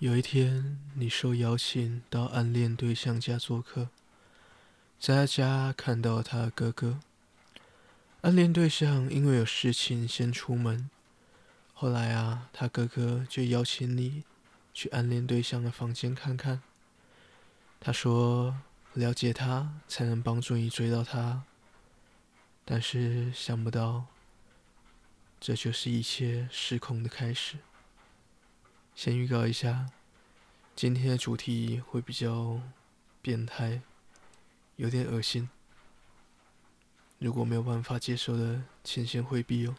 有一天，你受邀請到暗戀對象家做客，在他家看到他的哥哥。暗戀對象因為有事情先出門，後來啊，他哥哥就邀請你去暗戀對象的房間看看。他說：“了解他，才能幫助你追到他。”但是想不到，這就是一切失控的開始。先預告一下，今天的主題會比較變態，有點惡心。如果沒有辦法接受的，請先回避哦。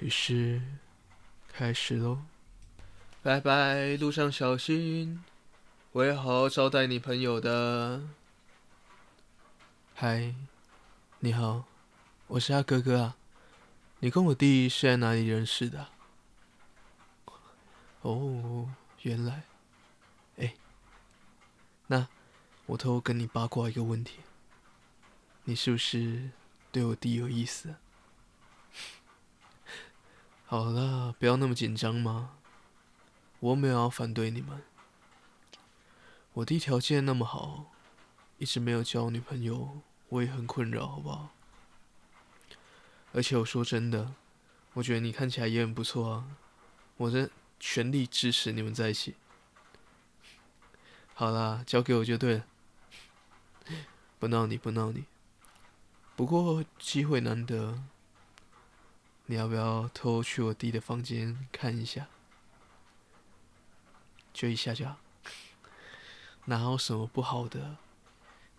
於是，開始嘍。拜拜，路上小心。我會好好招待你朋友的。嗨，你好，我是他哥哥啊。你跟我弟是在哪裡認識的啊？哦，原來，哎，那我偷偷跟你八卦一個問題：你是不是對我弟有意思啊？好了，不要那麼緊張嘛。我沒有要反對你們，我弟條件那麼好，一直沒有交女朋友，我也很困擾，好不好？而且我說真的，我覺得你看起來也很不錯啊，我的全力支持你們在一起。好啦，交給我就對了。不鬧你，不鬧你。不過機會難得，你要不要偷去我弟的房間看一下？就一下下，哪有什麼不好的？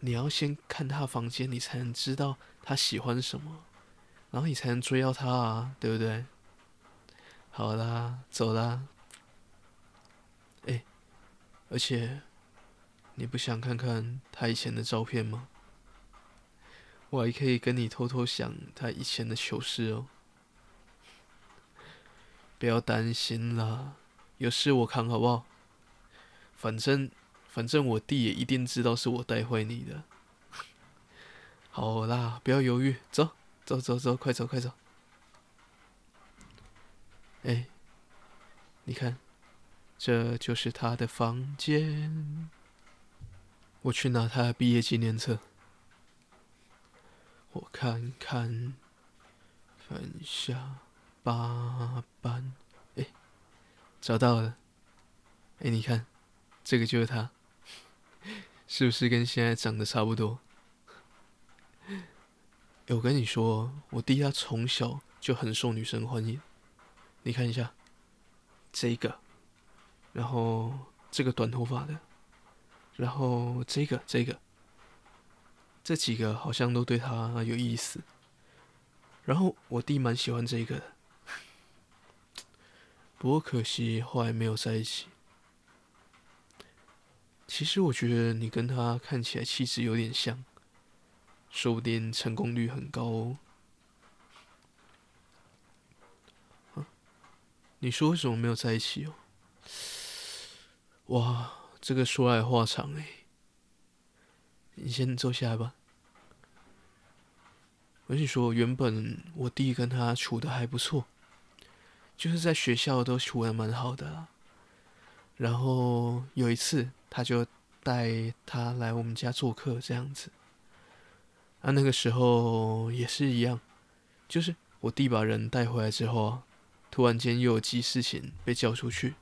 你要先看他房間，你才能知道他喜歡什麼，然後你才能追到他啊，對不對？好啦，走啦！哎、欸，而且，你不想看看他以前的照片嗎？我還可以跟你偷偷講他以前的糗事哦。不要擔心啦，有事我扛，好不好？反正，反正我弟也一定知道是我帶壞你的。好啦，不要猶豫，走，走，走，走，快走，快走！哎、欸，你看，這就是他的房間。我去拿他的畢業紀念冊，我看一看，翻下八班，哎、欸，找到了。哎、欸，你看，這個就是他， 是不是跟現在長得差不多？哎、 欸，我跟你說，我弟他從小就很受女生歡迎。你看一下，這個，然後這個短頭髮的，然後這個這個，這幾個好像都對他有意思。然後我弟蠻喜歡這個的，不過可惜後來沒有在一起。其實我覺得你跟他看起來氣質有點像，說不定成功率很高哦。你說為什麼沒有在一起哦？哇，這個說來話長欸。你先坐下來吧。我跟你說，原本我弟跟他處得還不錯，就是在學校都處得蠻好的啊。然後有一次，他就帶他來我們家做客，這樣子。啊，那個時候也是一樣，就是我弟把人帶回來之後啊。突然間又有急事情，被叫出去，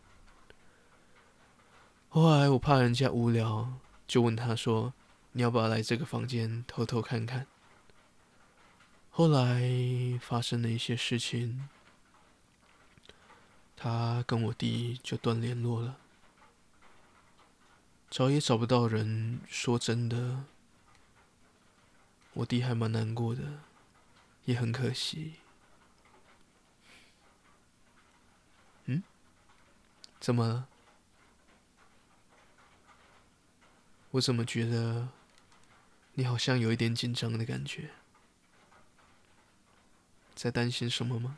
後來我怕人家無聊，就問他說：“你要不要來這個房間偷偷看看？”後來發生了一些事情，他跟我弟就斷聯絡了，找也找不到人。說真的，我弟還蠻難過的，也很可惜。怎麼？我怎麼覺得你好像有一點緊張的感覺？在擔心什麼嗎？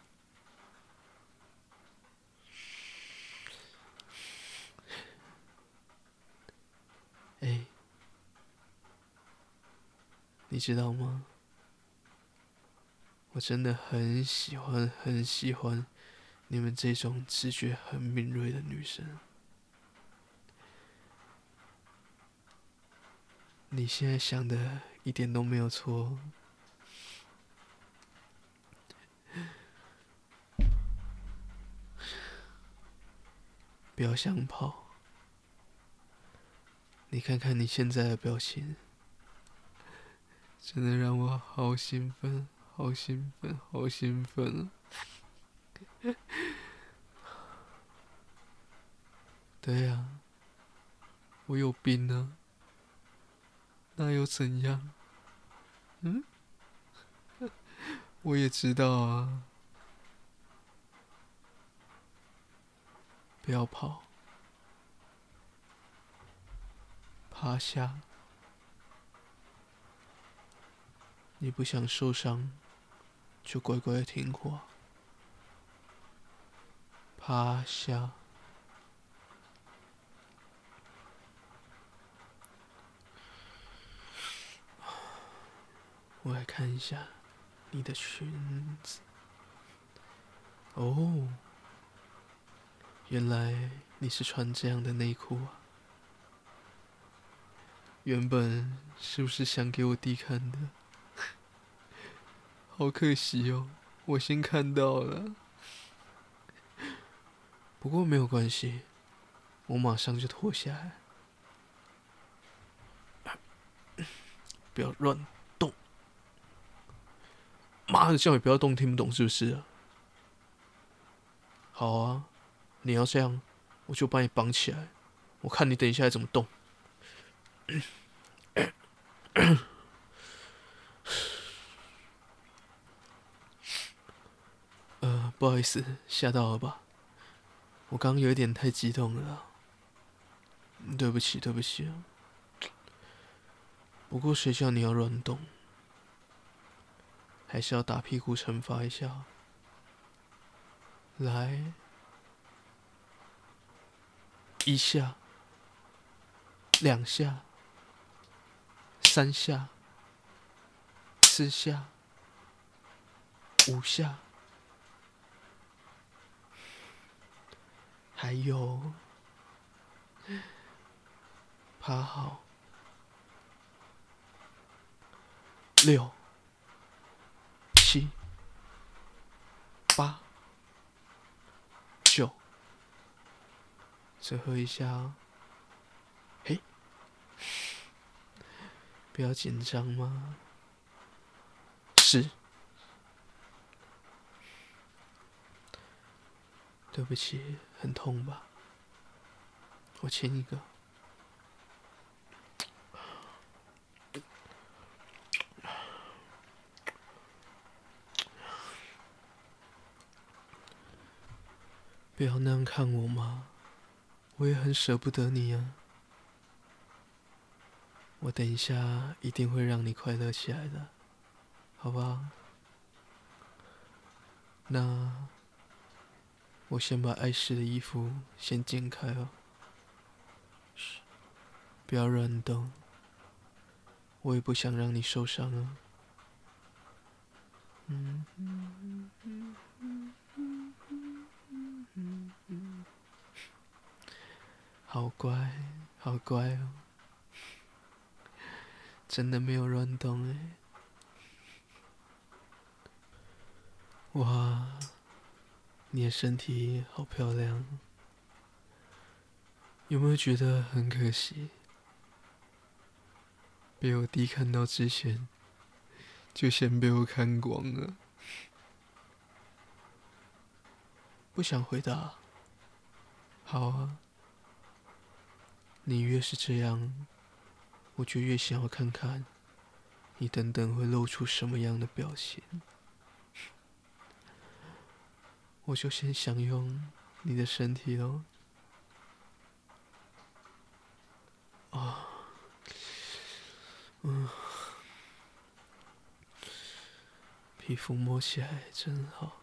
哎，你知道嗎？我真的很喜歡，很喜歡。你們這種直覺很敏銳的女生，你現在想的一點都沒有錯。不要想跑，你看看你現在的表情，真的讓我好興奮，好興奮，好興奮啊！ 對呀、啊，我有病呢、啊，那又怎樣？嗯， 我也知道啊，不要跑，趴下，你不想受傷，就乖乖的聽話。趴下，我來看一下你的裙子。哦，原來你是穿這樣的內褲啊！原本是不是想給我弟看的？好可惜哦，我先看到了。不過沒有關係，我馬上就脫下來。不要亂動，媽的，叫你不要動，聽不懂是不是啊？好啊，你要這樣，我就把你綁起來，我看你等一下還怎麼動。呃，不好意思，嚇到了吧？我剛有點太激動了，對不起，對不起。不過誰叫你要亂動，還是要打屁股懲罰一下？來，一下，兩下，三下，四下，五下。還有，八號，六、七、八、九，最後一下，哦，嘿，不要緊張嘛，是，對不起。很痛吧？我親一個。不要那樣看我嘛！我也很捨不得你呀。我等一下一定會讓你快樂起來的，好吧？那……我先把礙事的衣服先剪開了，噓，不要亂動，我也不想讓你受傷啊。嗯，好乖，好乖哦，真的沒有亂動哎、欸，哇。你的身體好漂亮，有沒有覺得很可惜？被我弟看到之前，就先被我看光了。不想回答。好啊。你越是這樣，我就越想要看看，你等等會露出什麼樣的表情。我就先享用你的身體咯。哦，嗯，皮膚摸起來真好，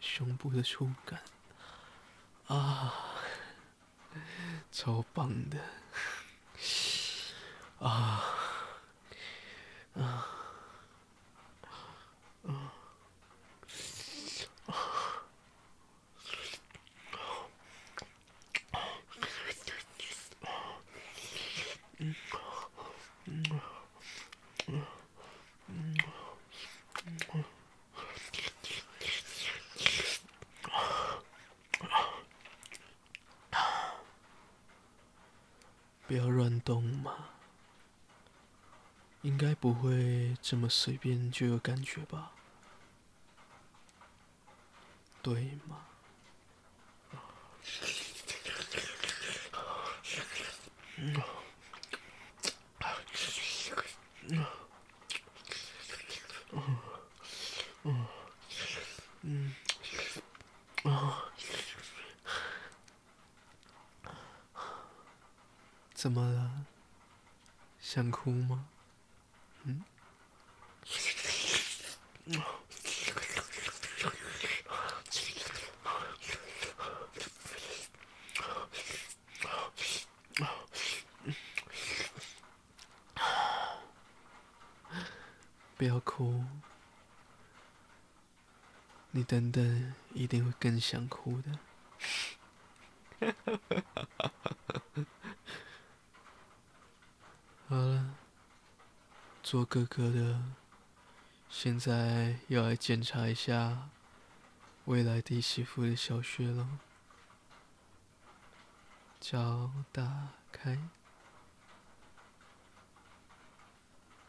胸部的觸感，啊，超棒的，啊。懂嗎？應該不會這麼隨便就有感覺吧？對嗎？嗯嗯嗯嗯、怎麼了？想哭嗎？嗯，不要哭，你等等，一定會更想哭的。 做哥哥的，現在要來檢查一下未來弟媳婦的小穴了。腳打開，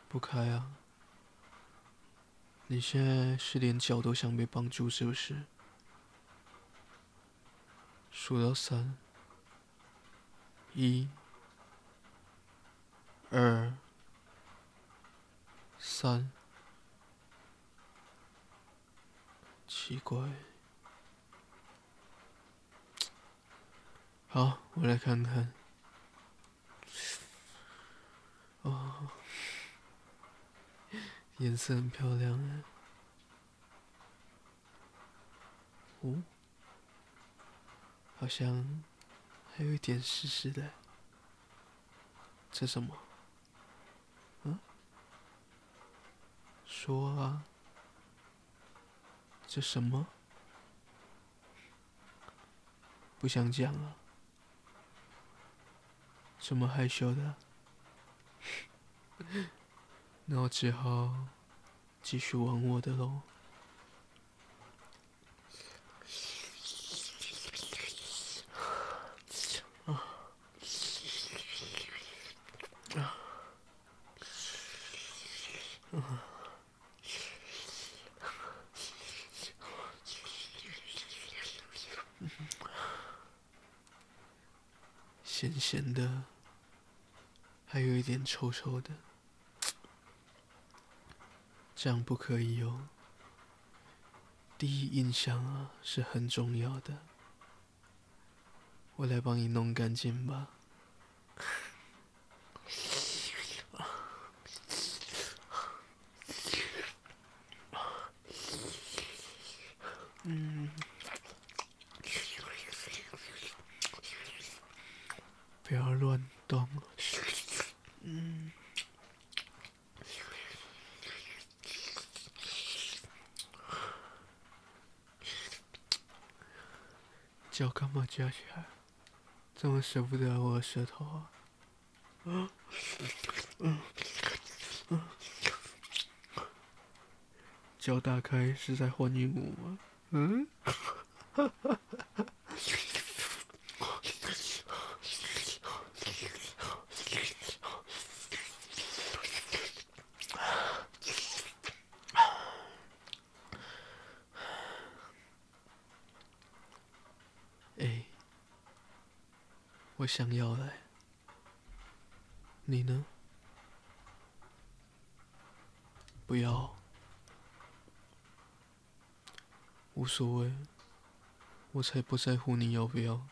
不開啊？你現在是連腳都想被綁住是不是？數到三，一、二。三，奇怪，好，我來看看，哦，顏色很漂亮哎，哦，好像還有一點濕濕的，這是什麼？說啊，這什麼？不想講了啊，這麼害羞的啊， 那我只好繼續玩我的嘍。有一點臭臭的，這樣不可以哦。第一印象啊是很重要的，我來幫你弄乾淨吧。嗯。姐姐，啊啊，這麼捨不得我舌頭啊？腳、啊、打、嗯嗯嗯、開是在歡迎我嗎？嗯，哈哈哈哈。想要的、欸，你呢？不要，無所謂，我才不在乎你要不要。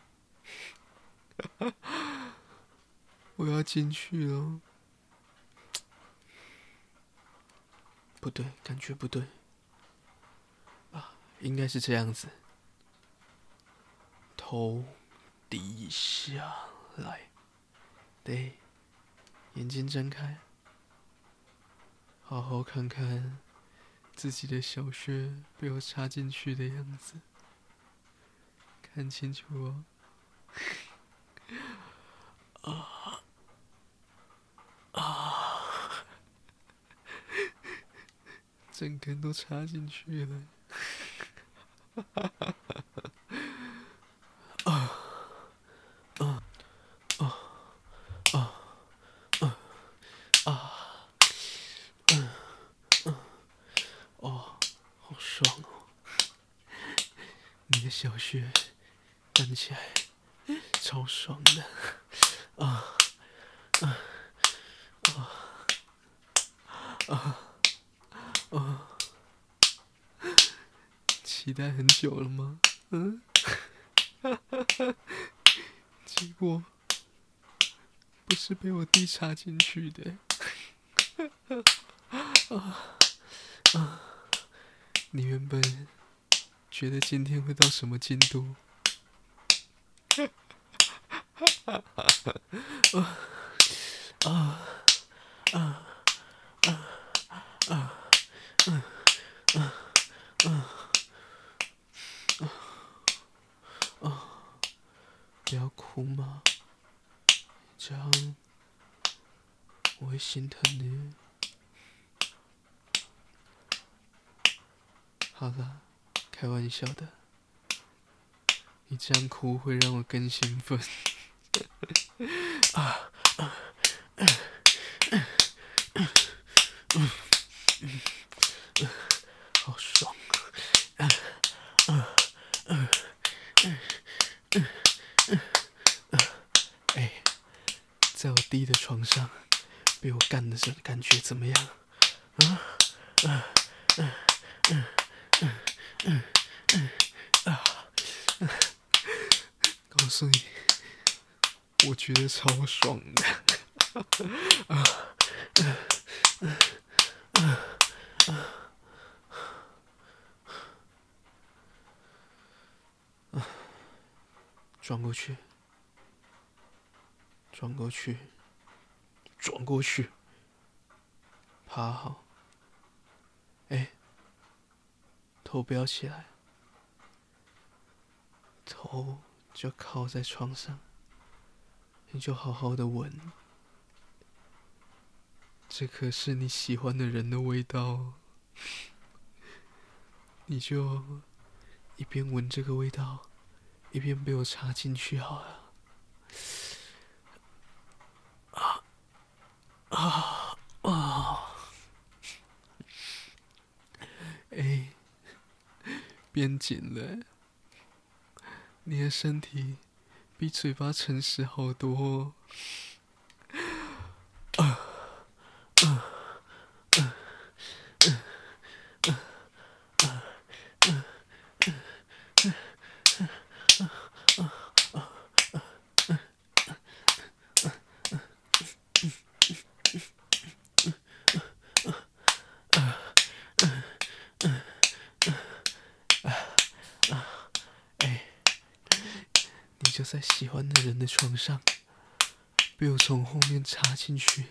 我要進去了，不對，感覺不對，啊、應該是這樣子，頭底下。來，對，眼睛睜開，好好看看自己的小穴被我插進去的樣子，看清楚哦， 啊啊，整根都插進去了，哈哈哈哈哈哈。待很久了嗎？嗯？哈哈哈。結果不是被我弟插進去的，哈哈啊啊！你原本覺得今天會到什麼進度？哈哈哈哈哈！啊啊啊！哭嗎？這樣我會心疼你。好了，開玩笑的。你這樣哭會讓我更興奮。 覺得怎麼樣啊啊啊、嗯嗯嗯嗯啊？啊！告訴你，我覺得超爽的！啊啊啊啊，啊，啊！轉過去，轉過去，轉過去。趴好，哎、欸，頭不要起來，頭就靠在床上，你就好好的聞，這可是你喜歡的人的味道哦。你就一邊聞這個味道，一邊被我插進去好了。啊啊！啊變緊了欸，你的身體比嘴巴誠實好多哦。呃被我從後面插進去，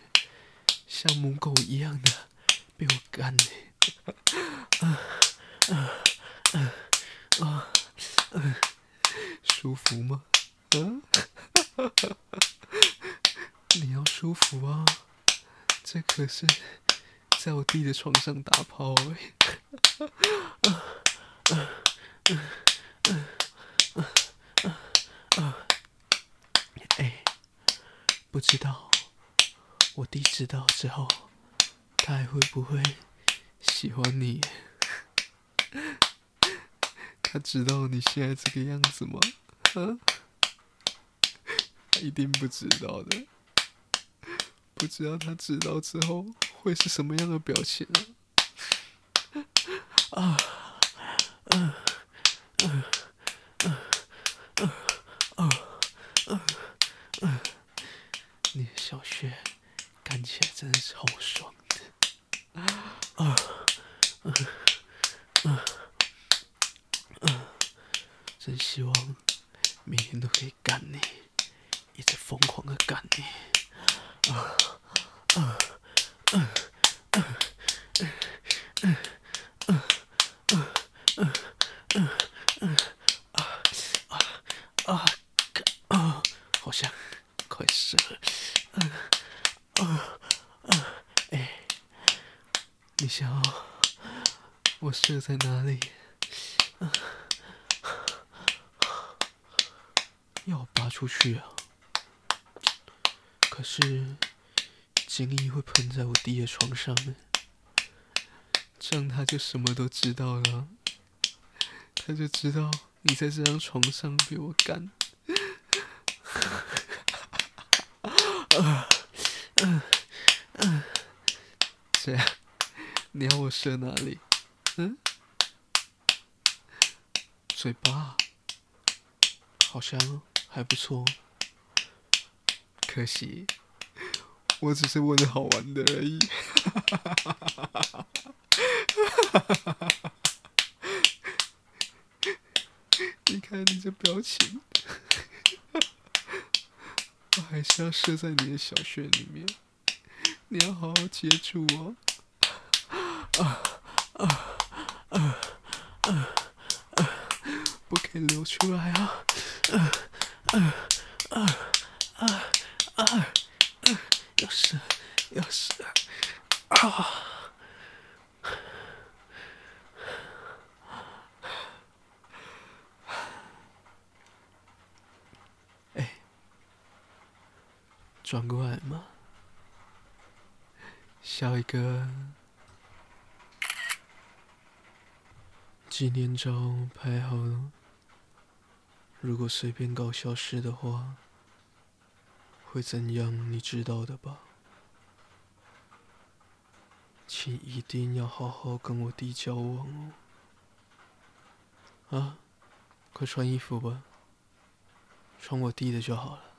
像母狗一樣的被我幹的、欸 啊，啊啊啊啊，舒服嗎？嗯，哈哈哈哈，你要舒服啊、哦，這可是在我弟的床上打炮、欸，哈 哈、啊，啊啊知道，我弟知道之後，他還會不會喜歡你？ 他知道你現在這個樣子嗎？啊、他一定不知道的。 不知道他知道之後會是什麼樣的表情啊！ 啊，啊、啊啊，啊、呃，好像快射了。啊、呃，啊、呃，哎、呃欸，你想、哦、我射在哪裡？呃、要我拔出去啊！可是，精液會噴在我弟的床上，這樣他就什麼都知道了，他就知道。你在這張床上被我幹，啊、 呃，嗯、呃、嗯、呃，你要我射哪裡？嗯，嘴巴，好香、喔，還不錯、喔，可惜，我只是問了好玩的而已，哈哈哈哈哈哈哈哈哈，哈哈哈哈。哎，你這表情， 我還是要射在你的小穴裡面，你要好好接住我、哦 啊，啊啊啊啊啊！不可以流出來啊，啊啊啊啊啊！要死要死啊！啊啊啊有轉過來嘛，笑一個！紀念照拍好了，如果隨便搞消失的話，會怎樣？你知道的吧？請一定要好好跟我弟交往哦！啊，快穿衣服吧，穿我弟的就好了。